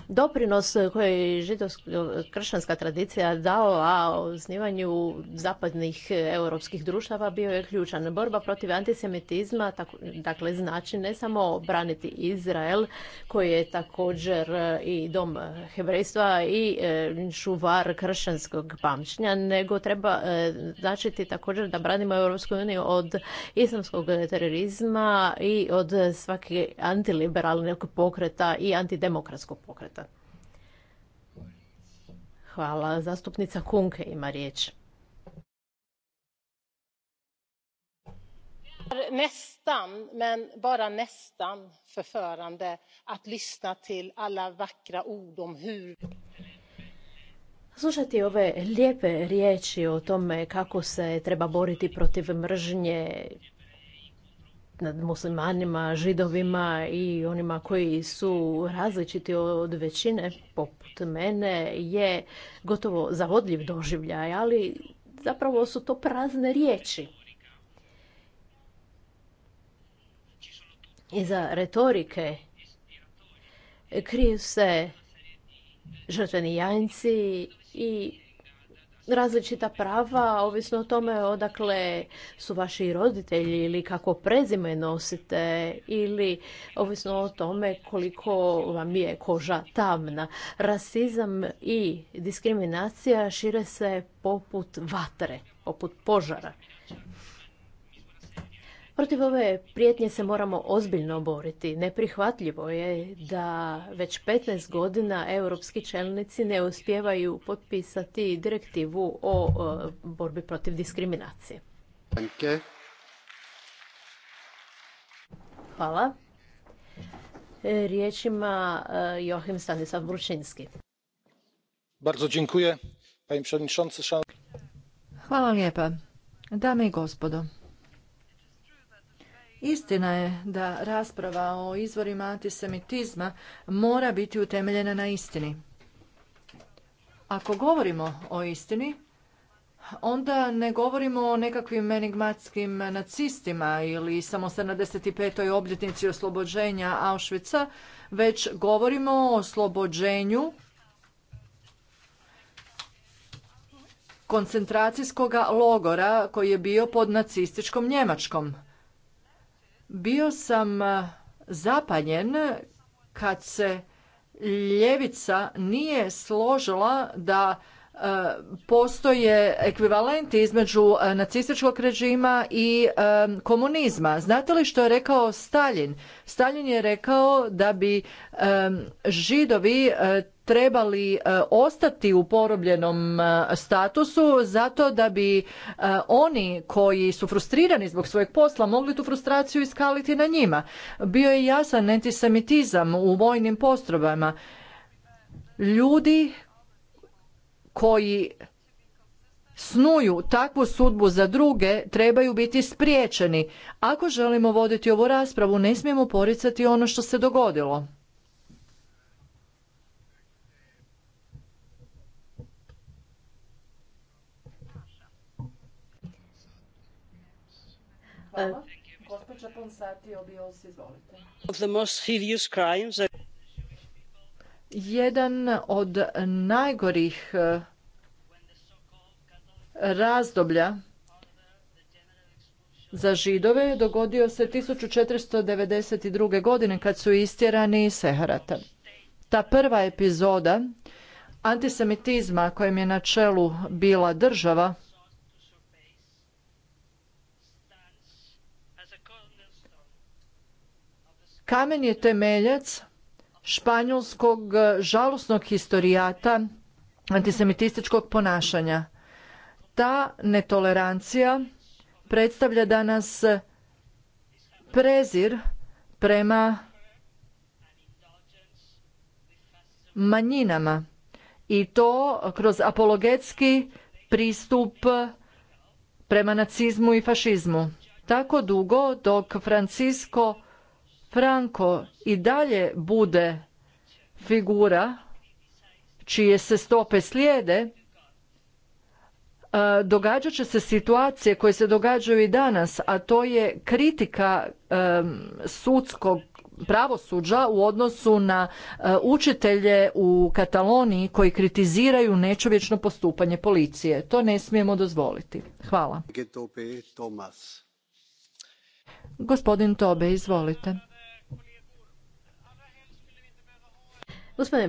doprinos koji židovsko-kršćanska tradicija dao, a osnivanju zapadnih europskih društava bio je ključan. Borba protiv antisemitizma dakle, znači ne samo braniti Izrael, koji je također e, i dom hebrejstva i e, čuvar kršćanskog pamćenja, nego treba e, značiti također da branimo Europsku uniju od islamskog terorizma i od svake antiliberalnog pokreta i antidemokratskog pokreta pokreta. Hvala. Zastupnica Kunke ima riječ. nästan, men bara nästan förförande att lyssna till alla vackra ord om hur Slušati ove lijepe riječi o tome kako se treba boriti protiv mržnje, nad muslimanima, židovima i onima koji su različiti od većine, poput mene, je gotovo zavodljiv doživljaj, ali zapravo su to prazne riječi. za retorike kriju se žrtveni janjci i različita prava, ovisno o tome odakle su vaši roditelji ili kako prezime nosite ili ovisno o tome koliko vam je koža tamna. Rasizam i diskriminacija šire se poput vatre, poput požara. Protiv ove prijetnje se moramo ozbiljno boriti. Neprihvatljivo je da već 15 godina europski čelnici ne uspijevaju potpisati direktivu o borbi protiv diskriminacije. Hvala. E, Riječima e, Joachim Stanislav Bručinski. Bardzo dziękuję, panie przewodniczący. Hvala lijepa. Dame i gospodo, Istina je da rasprava o izvorima antisemitizma mora biti utemeljena na istini. Ako govorimo o istini, onda ne govorimo o nekakvim enigmatskim nacistima ili samo 75. obljetnici oslobođenja Auschwitza, već govorimo o oslobođenju koncentracijskog logora koji je bio pod nacističkom Njemačkom bio sam e, zapanjen kad se ljevica nije složila da e, postoje ekvivalenti između e, nacističkog režima i komunizma. Znate li što je rekao Stalin? Stalin je rekao da bi židovi trebali e, ostati u porobljenom e, statusu zato da bi e, oni koji su frustrirani zbog svojeg posla mogli tu frustraciju iskaliti na njima. Bio je jasan antisemitizam u vojnim postrojbama. Ljudi koji snuju takvu sudbu za druge trebaju biti spriječeni. Ako želimo voditi ovu raspravu ne smijemo poricati ono što se dogodilo. Jedan od najgorih e, razdoblja za židove dogodio se 1492. godine kad su istjerani iz Seharata. Ta prva epizoda antisemitizma kojem je na čelu bila država Kamen je temeljac španjolskog e, žalosnog historijata antisemitističkog ponašanja. Ta netolerancija predstavlja danas prezir prema manjinama i to kroz apologetski pristup prema nacizmu i fašizmu. Tako dugo dok Francisco Franco i dalje bude figura čije se stope slijede, e, događat će se situacije koje se događaju i danas, a to je kritika e, sudskog pravosuđa u odnosu na e, učitelje u Kataloniji koji kritiziraju nečovječno postupanje policije. To ne smijemo dozvoliti. Hvala. Gospodin Tobe, izvolite. Gospodine